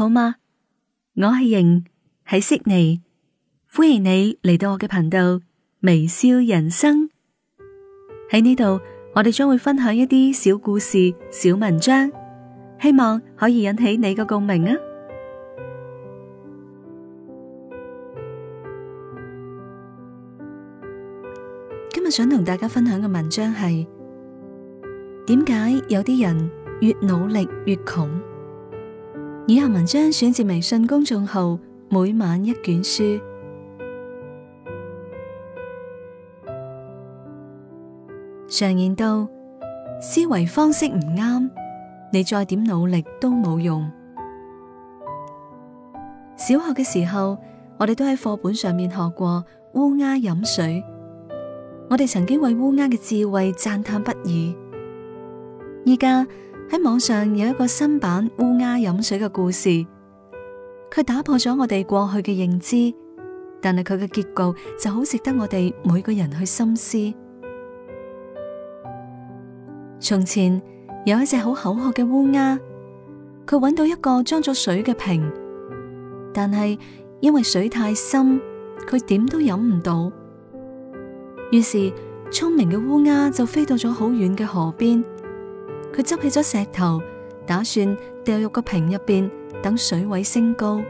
好嗎？我係瑩，喺悉尼，歡迎你嚟到我嘅頻道微笑人生。喺呢度，我哋將會分享一啲小故事、小文章，希望可以引起你嘅共鳴啊！今日想同大家分享嘅文章係：點解有啲人越努力越窮？以下文章選自微信公眾號《每晚一卷書》。常言道，思維方式唔啱，你再點努力都冇用。小學嘅時候，我哋都喺課本上面學過烏鴉飲水，我哋曾經為烏鴉嘅智慧讚嘆不已。依家。喺網上有一個新版烏鴉飲水嘅故事，佢打破咗我哋過去嘅認知，但係佢嘅結局就好值得我哋每個人去深思。從前有一隻好口渴嘅烏鴉，佢搵到一個裝咗水嘅瓶，但係因為水太深，佢點都飲唔到。於是聰明嘅烏鴉就飛到咗好遠嘅河邊。佢執起咗石頭，打算掉入個瓶入邊，等水位升高。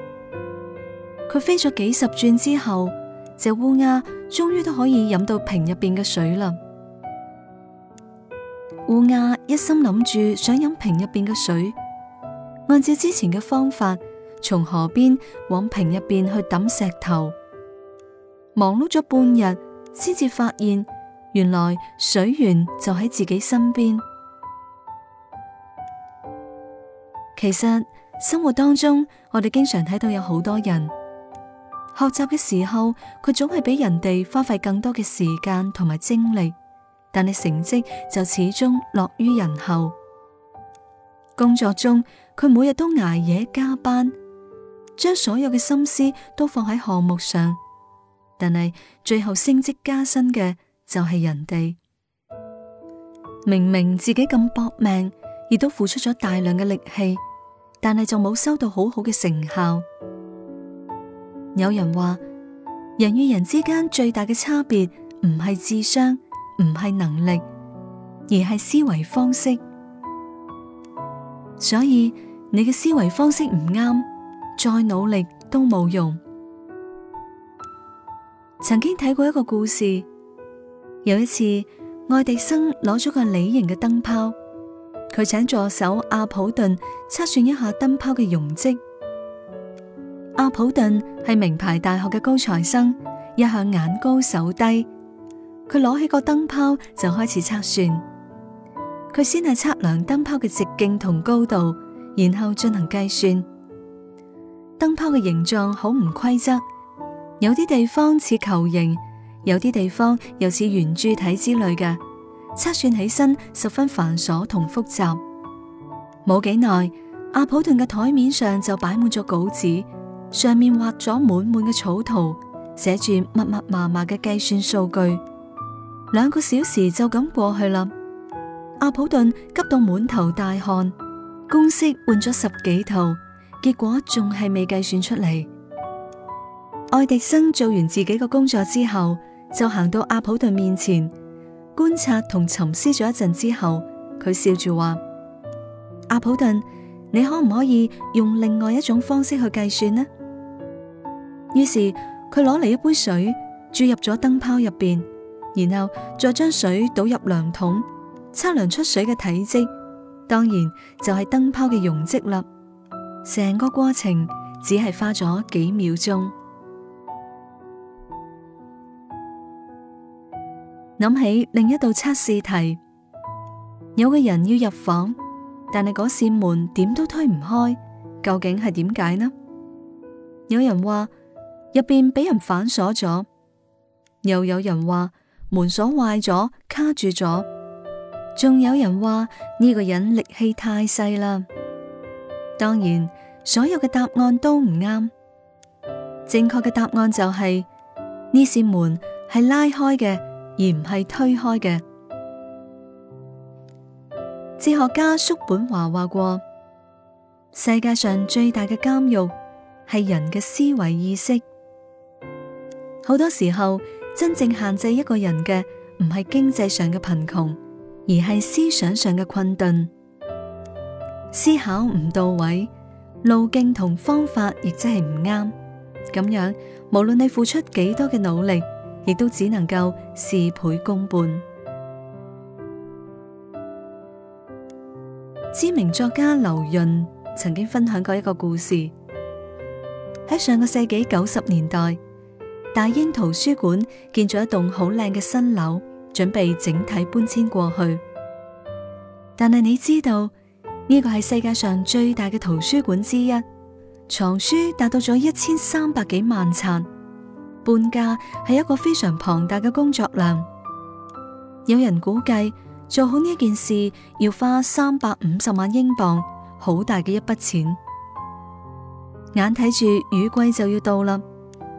佢飛咗幾十轉之後，隻烏鴉終於都可以飲到瓶入邊嘅水啦。烏鴉一心諗住想飲瓶入邊嘅水，按照之前嘅方法，從河邊往瓶入邊去抌石頭，忙碌咗半日，先至發現原來水源就喺自己身邊。其實生活當中，我哋經常睇到有好多人學習嘅時候，佢總係比人哋花費更多嘅時間同埋精力，但係成績就始終落於人後。工作中，佢每日都捱夜加班，將所有嘅心思都放喺項目上，但係最後升職加薪嘅就係人哋。明明自己咁搏命，亦都付出咗大量嘅力氣。但係就冇收到好好嘅成效。有人話，人與人之間最大嘅差別唔係智商，唔係能力，而係思維方式。所以你嘅思維方式唔啱，再努力都冇用。曾經睇過一個故事，有一次愛迪生攞咗個梨形嘅燈泡。佢請助手阿普頓測算一下燈泡嘅容積。阿普頓係名牌大學嘅高材生，一向眼高手低。佢攞起個燈泡，就開始測算。佢先係測量燈泡嘅直徑同高度，然後進行計算。燈泡嘅形狀好唔規則，有啲地方似球形，有啲地方又似圓柱體之類嘅。測算起身十分繁瑣同複雜，冇幾耐，阿普頓嘅台面上就擺滿咗稿紙，上面畫咗滿滿嘅草圖，寫住密密麻麻嘅計算數據。兩個小時就咁過去啦，阿普頓急到滿頭大汗，公式換咗十幾套，結果仲係未計算出嚟。愛迪生做完自己嘅工作之後，就行到阿普頓面前。觀察同沉思咗一陣之後，佢笑住話：阿普頓，你可唔可以用另外一種方式去計算呢？於是佢攞嚟一杯水注入咗燈泡入邊，然後再將水倒入量筒，測量出水嘅體積，當然就係燈泡嘅容積啦。成個過程只係花咗幾秒鐘。諗起另一道測試題，有個人要入房，但係嗰扇門點都推唔開，究竟係點解呢？有人話入邊俾人反鎖咗，又有人話門鎖壞咗卡住咗，仲有人話呢個人力氣太細啦。當然，所有嘅答案都唔啱，正確嘅答案就係呢扇門係拉開嘅。而唔係推開嘅。哲學家叔本華話過：世界上最大嘅監獄係人嘅思維意識。好多時候，真正限制一個人嘅唔係經濟上嘅貧窮，而係思想上嘅困頓。思考唔到位，路徑同方法亦即係唔啱。咁樣，無論你付出幾多嘅努力。亦都只能夠事倍功半。知名作家劉潤曾經分享過一個故事。喺上個世紀九十年代，大英圖書館建咗一棟好靚嘅新樓，準備整體搬遷過去。但係你知道呢個係世界上最大嘅圖書館之一，藏書達到咗一千三百幾萬冊。搬家係一個非常龐大嘅工作量，有人估計做好呢件事要花三百五十萬英鎊，好大嘅一筆錢。眼睇住雨季就要到啦，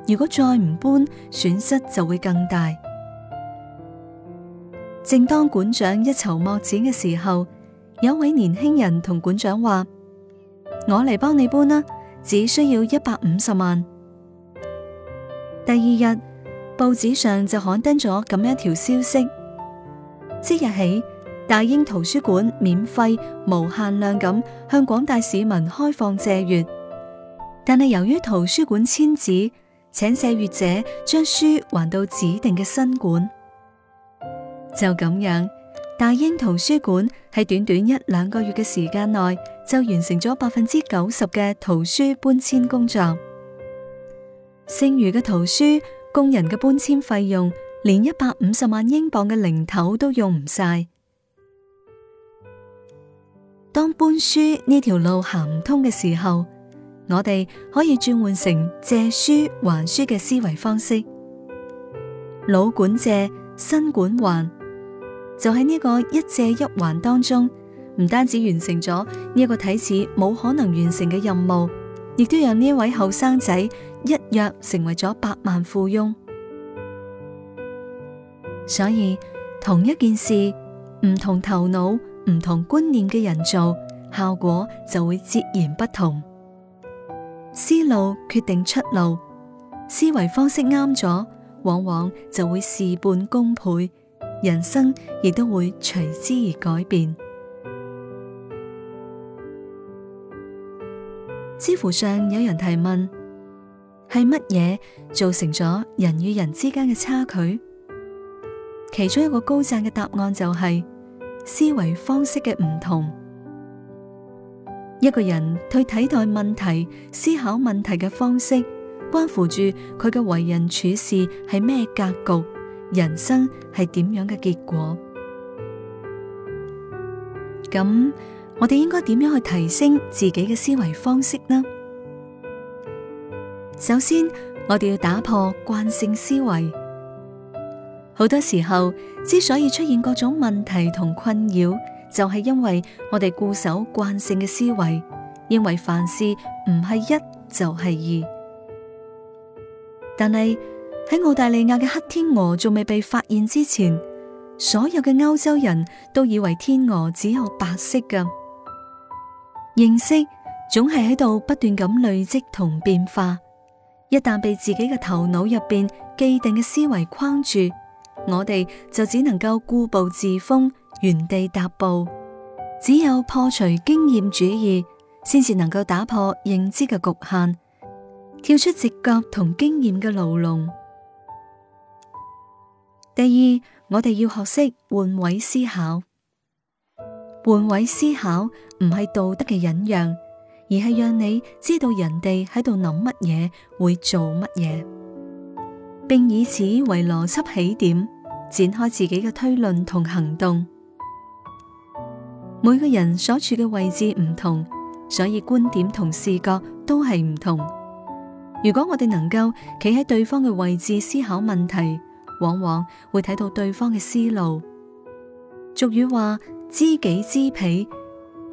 如果再唔搬，損失就會更大。正當館長一籌莫展嘅時候，有位年輕人同館長話：我嚟幫你搬啦，只需要一百五十萬。第二日，報紙上就刊登咗咁樣一條消息：即日起，大英圖書館免費、無限量咁向廣大市民開放借閱。但係由於圖書館遷址，請借閱者將書還到指定嘅新館。就咁樣，大英圖書館喺短短一兩個月嘅時間內，就完成咗百分之九十嘅圖書搬遷工作。剩餘嘅圖書、工人嘅搬遷費用，連一百五十萬英鎊嘅零頭都用唔晒。當搬書呢條路行唔通嘅時候，我哋可以轉換成借書還書嘅思維方式，老管借，新管還，就喺呢個一借一還當中，唔單止完成咗呢個睇似冇可能完成嘅任務。亦都讓呢位後生仔一躍成為咗百萬富翁，所以同一件事唔同頭腦、唔同觀念嘅人做，效果就會截然不同。思路決定出路，思維方式啱咗，往往就會事半功倍，人生亦都會隨之而改變。知乎上有人提問：係乜嘢造成咗人與人之間嘅差距？其中一個高贊嘅答案就係思維方式嘅唔同。一個人去睇待問題、思考問題嘅方式，關乎住佢嘅為人處事係咩格局，人生係點樣嘅結果。咁我哋應該點樣去提升自己嘅思維方式呢？首先，我哋要打破慣性思維。好多時候之所以出現各種問題同困擾，就係因為我哋固守慣性嘅思維，認為凡事唔係一就係二。但係喺澳大利亞嘅黑天鵝仲未被發現之前，所有嘅歐洲人都以為天鵝只有白色噶。認識總係喺度不斷咁累積同變化，一旦被自己嘅頭腦入邊既定嘅思維框住，我哋就只能夠固步自封、原地踏步。只有破除經驗主義，先至能夠打破認知嘅局限，跳出直覺同經驗嘅牢籠。第二，我哋要學識換位思考。換位思考唔係道德嘅忍讓，而係讓你知道人哋喺度諗乜嘢，會做乜嘢，並以此為邏輯起點，展開自己嘅推論同行動。每個人所處嘅位置唔同，所以觀點同視角都係唔同。如果我哋能夠企喺對方嘅位置思考問題，往往會睇到對方嘅思路。俗語話。知己知彼，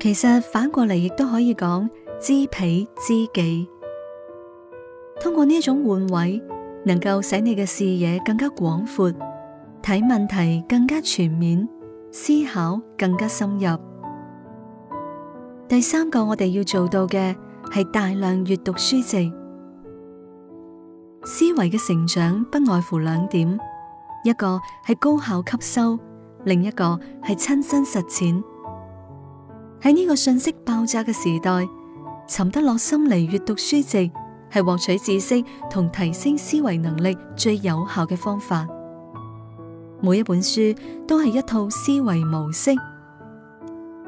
其實反過嚟亦都可以講知彼知己。通過呢種換位，能夠使你嘅視野更加廣闊，睇問題更加全面，思考更加深入。第三個我哋要做到嘅係大量閱讀書籍。思維嘅成長不外乎兩點，一個係高效吸收。另一個係親身實踐。喺呢個信息爆炸嘅時代，沉得落心嚟閱讀書籍，係獲取知識同提升思維能力最有效嘅方法。每一本書都係一套思維模式，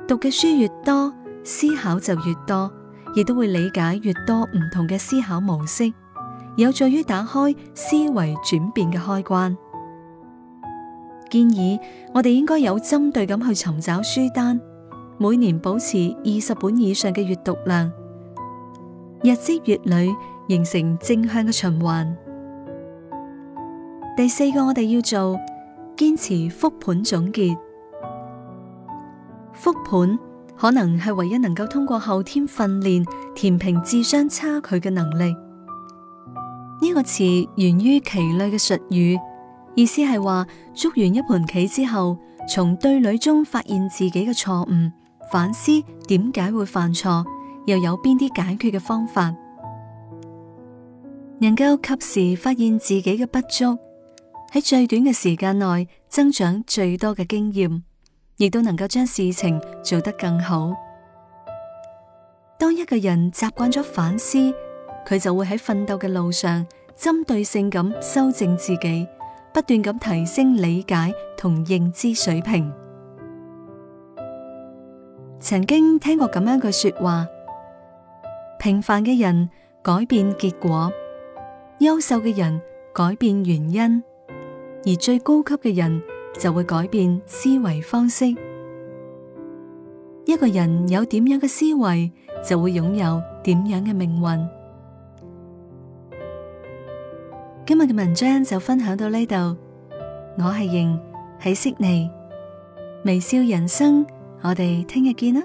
讀嘅書越多，思考就越多，亦都會理解越多唔同嘅思考模式，有助於打開思維轉變嘅開關。建議我哋應該有針對咁去尋找書單，每年保持二十本以上嘅閱讀量，日積月累形成正向嘅循環。第四個我哋要做，堅持復盤總結。復盤可能係唯一能夠通過後天訓練填平智商差距嘅能力。呢個詞源於棋類嘅術語。意思係話，捉完一盤棋之後，從對壘中發現自己嘅錯誤，反思點解會犯錯，又有邊啲解決嘅方法，能夠及時發現自己嘅不足，喺最短嘅時間內增長最多嘅經驗，亦都能夠將事情做得更好。當一個人習慣咗反思，佢就會喺奮鬥嘅路上針對性咁修正自己。不斷咁提升理解同認知水平。曾經聽過咁樣嘅說話：平凡嘅人改變結果，優秀嘅人改變原因，而最高級嘅人就會改變思維方式。一個人有點樣嘅思維，就會擁有點樣嘅命運。今日嘅文章就分享到呢度，我係瑩，喺悉尼微笑人生，我哋聽日見啦。